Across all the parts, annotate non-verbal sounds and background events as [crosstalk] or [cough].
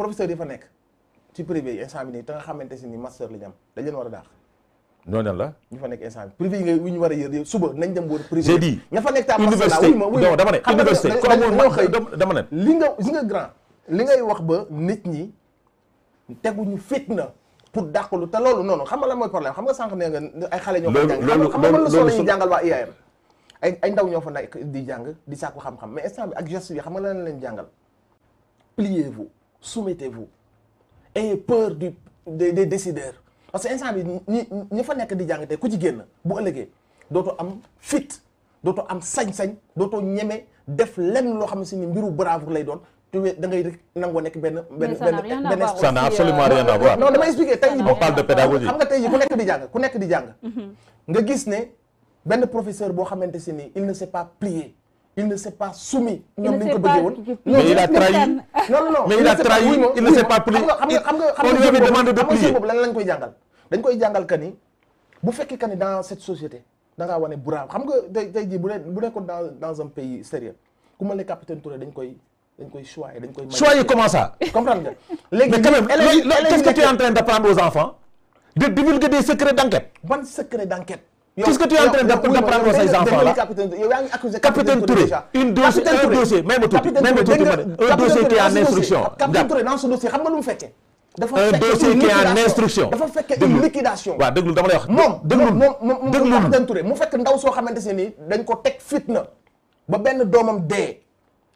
professeur yi fa nekk ci privé yi instant bi nii te nga xamante si ni master la ñu am dañ leen a la ñu fa nekk instant bi privé yi nga war a yër suba dem boor privé ne université ko amul xëy dama ne nga li nga grand li ngay wax ba nit ñi teguñu fitna pour dàqalu te loolu noonu xam nga lan mooy problème xam nga sànq nee nga ay xale ñoo fa jàng xam nga mën jàngal waa IAM ay ay ndaw ñoo fa nekk di jàng di sàkku xam-xam mais instant bi ak geste bi xam nga la lañ jàngal pliez-vous soumettez-vous ayez peur du des des décideurs parce que instant bi ñi ñi fa nekk di jàng tey ku ci génn bu ëllëgee dootoo am fit dootoo am sañ-sañ dootoo ñeme def lenn loo xam ne si ni mbiru bravoure lay doon te rek nangoo nekk benn. benn benn benn ça n'a absolument rien à voir. non damay expliquer tey jii on parle de pédagogie xam nga tey jii ku nekk di jàng mhm. nga gis ne benn professeur boo xamante si ni il ne s'est pas plié. il ne s'est pas soumis. ñoom ni ñu ko bëggee woon. mais il a trahi. non non mais il a trahi il ne s'est pas pris. xam nga xam nga on lui avait demandé de plier boobu lan lañ koy jàngal. dañ koy jàngal que bu fekkee que dans cette société da ngaa wane brave xam nga tey tey jii bu dee bu nekkoon dans dans pays sérieux ku mel capitaine Touré dañ koy. dañ koy choyer dañ koy. choyer comment ça. comprendre nga [laughs] léegi. mais quand même qu'est-ce enfants. de divulguer des secrets d'enquête. ban secret d'enquête. qu'est-ce que tu es en train d'apprendre ces enfants là capitaine Touré une dossier un dossier même tuuti même tuuti un dossier qui est en instruction capitaine Touré dans ce dossier xam nga lu mu fekk ndaw soo xamante se nii dañ ko teg fitna ba benn doomam dee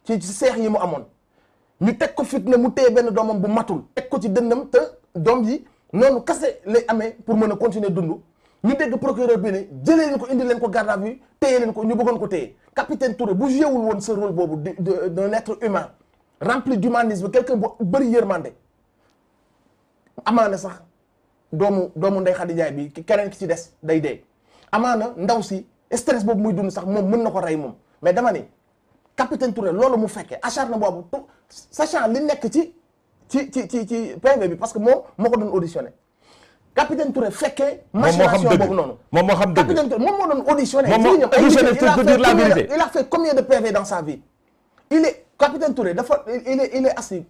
ci seex yi mu amoon ñu teg ko fitna mu téye benn doomam bu matul teg ko ci dëndam te doom yi noonu kase lay amee pour mën a continuer dund ñu dégg procureur bi ne jëlee leen ko indi leen ko garde à vue téye leen ko ñu bëggoon ko téye capitaine Touré bu jéewul woon sa rôle boobu de d'un être humain rempli d'humanisme quelqu'un bu bëri yërmande amaana sax doomu doomu Ndeye Khady Ndiaye bi keneen ki ci des day dee na ndaw si stress boobu muy du sax moom mën na ko rey moom mais dama ni capitaine Touré loolu mu fekkee acharné boobu sachant li nekk ci ci ci ci ci PV bi parce que moo moo ko doon auditionné capitaine Touré fekkee. machination boobu noonu moom moo xam capitaine Touré moom moo doon auditionné. moom moo auditionné pour dire il a fait combien de PV dans sa vie capitaine Touré dafa il est il est assis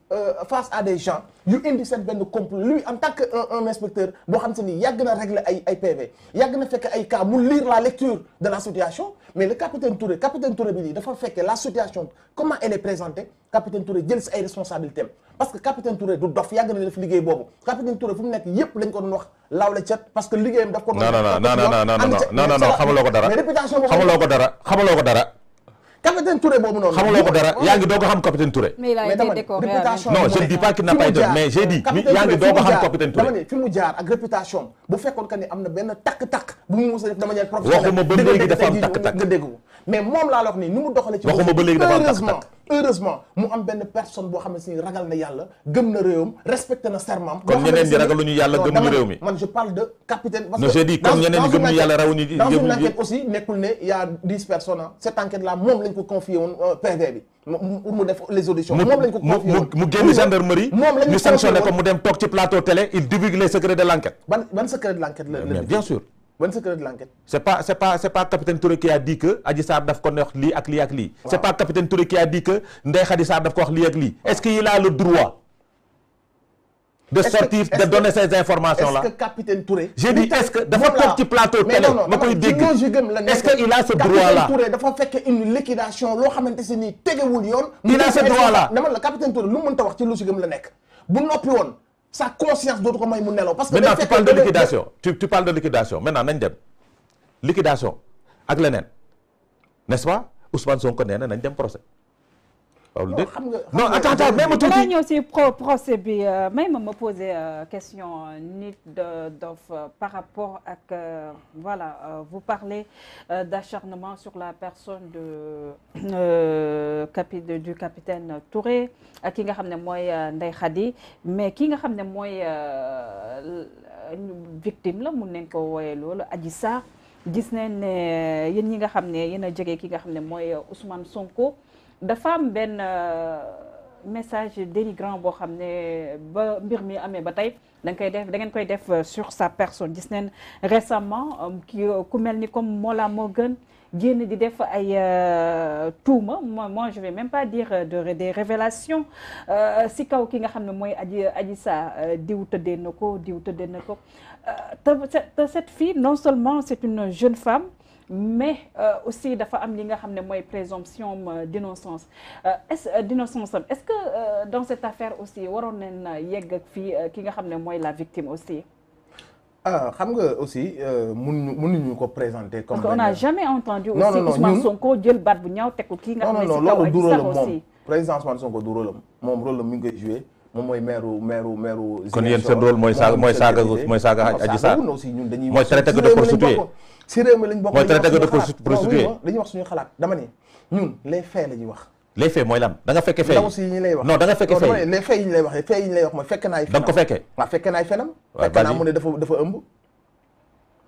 face à des gens yu indi benn complot lui en tant que un inspecteur boo xam te ni yàgg na régler ay ay PV yàgg na fekk ay cas mu lire la lecture de la situation mais le capitaine Touré capitaine Touré bi nii dafa fekke la situation comment elle est présentée capitaine Touré jël si ay responsabilités parce que capitaine Touré du dof yàgg na def liggéey boobu capitaine Touré fu mu nekk yépp lañ ko doon wax laaw la cat parce capitaine Touré boobu noonu. xamuloo ko dara yaa ngi doog a capitaine Touré. mais non je ne dis pas qu'il n'a mais j'ai yaa ngi doog a capitaine Touré fi mu jaar ak réputation bu fekkoon que am na benn takk-takk bu mu dama ñaan professionnel waxuma ba léegi dafa wax ni mu takk-takk heureusement mu am benn personne boo xamante ni ragal na yàlla gëm na réewam respecté na serment kon ñeneen di ragaluñu yàlla yàlla raw ni dans une enquête a dix personnes ah cette enquête là moom lañ ko confié woon euh, PV bi mu def les auditions moom lañ ko confié woon mu génn gendarmerie moom lañ ñu mu dem toog ci plateau télé il divulgue les secrets de l' ban secret de l' bien sûr ban secret de l'enquête c'est pas c'est pas c'est pas capitaine Touré qui a dit que Adji Sarr daf ko ne wax lii ak lii ak lii c'est pas capitaine Touré qui a dit que Ndeye Khady Sarr daf ko wax lii ak lii est-ce qu'il a le droit de sortir de donner ces informations là est est-ce que dafa toog ci plateau dafa fekk une liquidation loo xamante si nii tegewul yoon il a ce droit dama la capitaine Touré lu mu mënta wax ci lu si gëm la nekk bu noppi woon sa conscience dootu ko may mu nelaw. parce que maintenant tu parles de liquidation tu tu de liquidation maintenant nañ dem liquidation ak leneen n'est-ce pas Ousmane Sonko nee na nañ dem procès. waaw dé non attends attends même tuuti balaa ñëw si procès bi euh, may ma ma poser euh, question euh, nit dof par rapport ak voilà vous parlez d'acharnement sur la personne de capi du capitaine Touré ak ki nga xam ne mooy Ndeye Khady mais ki nga xam ne mooy victime la mun nañ ko wooyee loolu Adji Sarr gis nañ ne yéen ñi nga xam ne yéen a jege ki nga xam ne mooy Ousmane Sonko dafa am benn euh, message dénigrant boo xam ne ba mbir mi amee ba tey da koy def da ngeen koy def euh, sur sa personne gis neen récemment euh, ki ku mel ni comme mola Mollah Morgun génn di def ay tuuma moi je vais même pas dire de des révélations si kaw ki nga xam ne mooy aji aji sa diw tëddee na ko diw tëddee na ko te cette fille non seulement c'est une jeune femme mais euh, aussi dafa am li nga xam ne mooy présomption euh, d'innocence euh, est-ce d'innocence am est-ce que dans cette affaire aussi waroon neen yegg ak fii ki nga xam ne mooy la victime aussi ah xam nga aussi mënuñu mënuñu ko présenter. comme on n'a jamais entendu. non non non aussi Ousmane Sonko jël baat bu ñaaw teg ko kii nga xam ne si kaw. non non loolu du rôle am moom président Ousmane Sonko du moom mooy maire maire maire. kon yéen seen rôle mooy saaga mooy saaga mooy saaga Adji Sarr mooy traité que de prostituée si réew lañ bokk mooy traité que de prostituée dañuy xalaat dama ne ñun les faits la wax. les faits mooy lan da fekke fee lay wax yi ñu lay wax fee yi ñu fenam fekke naa mu ne dafa ëmb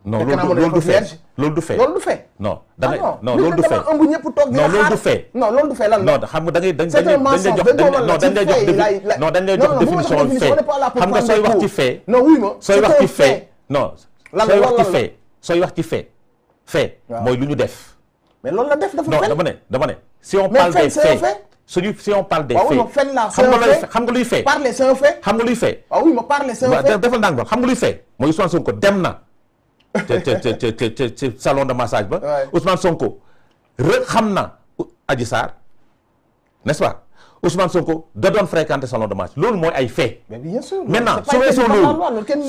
non loolu du fee loolu du fee loolu du fee non ah da ngay non loolu du fee ëmb xam nga da ngay dañ lay jox non dañ lay jox non dañ lay jox définition fee xam nga sooy wax ci fee non wuy ma loolu la def dafa non dama ne dama ne si on parle des faits suñu xam nga luy xam nga xam nga luy fee waaw defal ndànk ba xam nga luy fee mooy Ousmane Sonko dem na ca ca ca ca ca salon de massage ba. Ousmane Sonko re xam na Adji Sarr n'est-ce pas Ousmane Sonko da doon fréquenter salon de massage loolu mooy ay fait. mais su weesoo loolu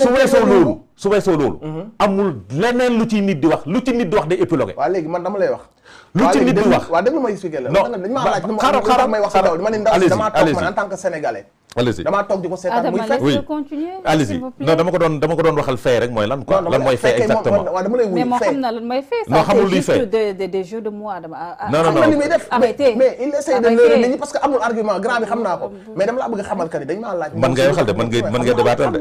su weesoo loolu su weesoo loolu. amul leneen lu ci nit di wax lu ci nit di wax day épilogué. waaw léegi man dama lay wax. lu ci nit di wax waaw déglu ma expliqué la. non xaaral xaaral ma wax si ndaw si damaa tant que sénégalais. allez-y damaa toog di ko seetaan muy fekk oui allez-y non dama ko doon dama ko doon waxal fay rek mooy lan quoi lan mooy fay exactement waaw dama lay wuyu fay mais moo xam na lan mooy fay non xamul luy fay des des jeux de mots Adama ah, ah, non non ah, non li muy def mais il essaie de leurrer nit ñi parce que amul argument grand bi xam naa ko mais dama laa bëgg xamal ka ni dañ maa laaj mën ngay waxal de mën ngay mën ngay débattre de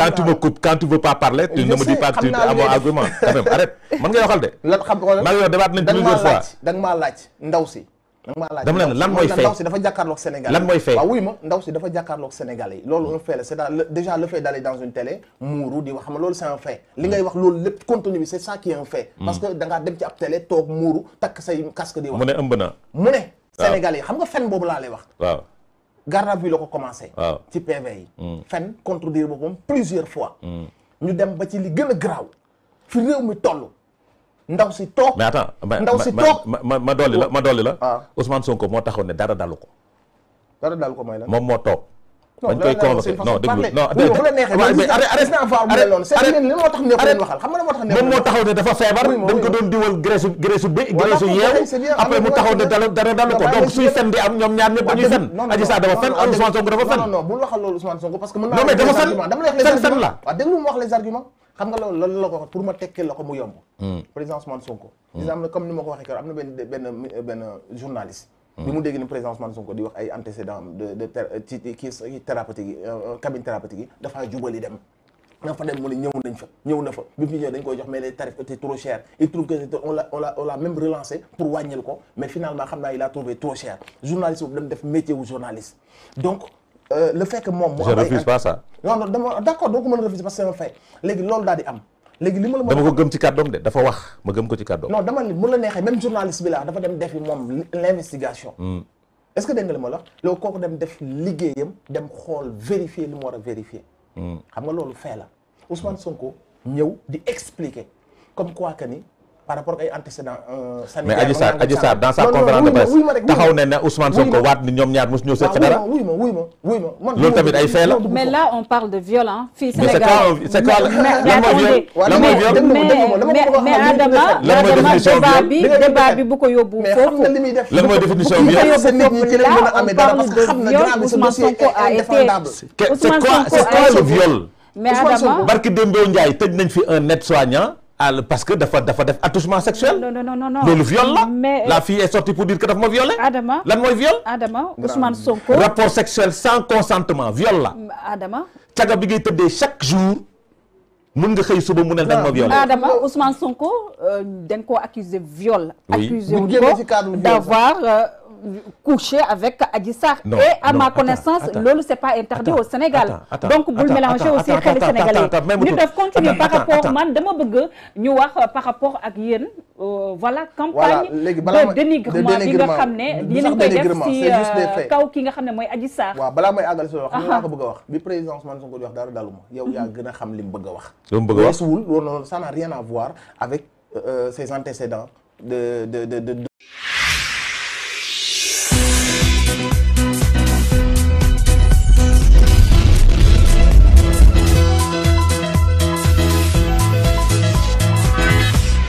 quand tu me coupes quand tu veux pas parler tu ne me dis pas tu amoo argument quand même arrête mën ngay waxal de lan xam ko maa ngi débattre nañ plusieurs fois da nga maa laaj ndaw si dama laa la lan mooy fee ndaw si dafa jàkkaarloog Sénégal lan mooy fee waaw wuy ma ndaw si dafa jàkkaarloog Sénégalais yi loolu un fait la cest à déjà le fait d'aller dans une télé muuru di wax xam nga loolu c'est un fait li ngay wax loolu lépp contenu bi c'est ça qui est un fait hmm. parce que da ngaa dem ci ab télé toog muuru takk say casque di wax mu ne ëmb mu ne Sénégalais yi xam nga fen boobu laa lay wax waaw garde la ko commencé waaw ci PV yi hmm. fen contredire boppam plusieurs fois hmm. ñu dem ba ci li gën a garaaw fi réew toll ndaw si toog mais attends ndaw si toog ma ma dolli la ma dolli la ah. Ousmane Sonko moo taxaw ne ko moo taxaw ne dafa feebar dañ ko doon diwal grésu grésu bi grésu yeew après mu taxaw ne dara dara dalu ko donc suy fen di am ñoom ñaar ñëpp dañuy fen Adji dafa fen Ousmane Sonko dafa fen non mais dafa fen fen la ah, xam nga loolu loolu la ko pour ma tekkee la ko mu yomb. Hmm. président Ousmane Sonko. Hmm. gis am na comme ni ma ko waxee keroog am na benn benn benn hmm. bi mu dégg ni président Ousmane Sonko di wax ay antécédents de de ci kii thérapeutique yi euh, euh, cabine thérapeutique yi dafaa jubali dem. na fa dem mu ne ñëw nañ fa ñëw na fa bi mu ñëw dañ koy jox mais les tarifs étaient trop chers il trouve que on l'a on l'a on relancé pour wàññil ko mais finalement xam naa il a trouvé trop cher journaliste boobu dem def métier wu journaliste donc. Euh, le fait que moom. mu am ay je refuse pas ça. non non d' doo ko mën a refuser parce que léegi loolu daal di am. léegi li ma la dama ko gëm ci kàddoom de dafa wax ma gëm ko ci kàddoom. non dama ni mu la neexee même journaliste bi la dafa dem defi moom l' investigation. Hmm. est ce que dégg nga li ma la wax loolu kooku dem def liggéeyam dem xool vérifier li mu war a vérifier. Hmm. xam nga loolu fee la Ousmane Sonko ñëw di expliquer comme quoi que ni. par rapport ay antécédents sanitaires euh, mais Adji Sarr Adji Sarr dans sa conférence de presse taxaw ne ne Ousmane Sonko waat ni ñoom ñaar mos ñoo seq dara wuy ma tamit ay fee la mais là on parle de viol fii Sénégal mais c'est quoi lan mais Adama lan mooy définition bi débat bi bu ko yóbbu foofu lan mooy définition bi c'est nit ñi ki leen a amee dara parce que xam na grave ce dossier est indéfendable c'est quoi c'est quoi le viol mais Adama barki Dembo Ndiaye tëj nañ fi un parce que dafa def attouchement sexuel. loolu viol la. mais la euh, fille est pour dire que daf ma violé. Adama lan mooy viol. Adama Ousmane Sonko. rapport sexuel sans consentement viol la. Adama. caga bi ngay tëddee chaque jour. mën nga xëy suba mu ne dañ ma violé. Adama Ousmane Sonko euh, dañ koo viol. oui accusé wu ko couché avec Adji Sarr. et à non, ma attends, connaissance loolu c'est pas interdit attends, au Sénégal. Attends, donc bul mélanger aussi xel sénégalais ñu def continuer par rapport man dama bëgg ñu wax par rapport ak yéen euh, voilà campagne de dénigrement bi nga xam ne ñu ngi si euh, kaw ki nga xam ne mooy Adji Sarr. waaw balaa may àggal si wax ñu ah, laa ah. ko bëgg a wax bi président Ousmane wax dara daluma yow yaa gën a xam li mu bëgg a wax. li mu wax weesuwul n'a rien à avec euh, ses antécédents de de.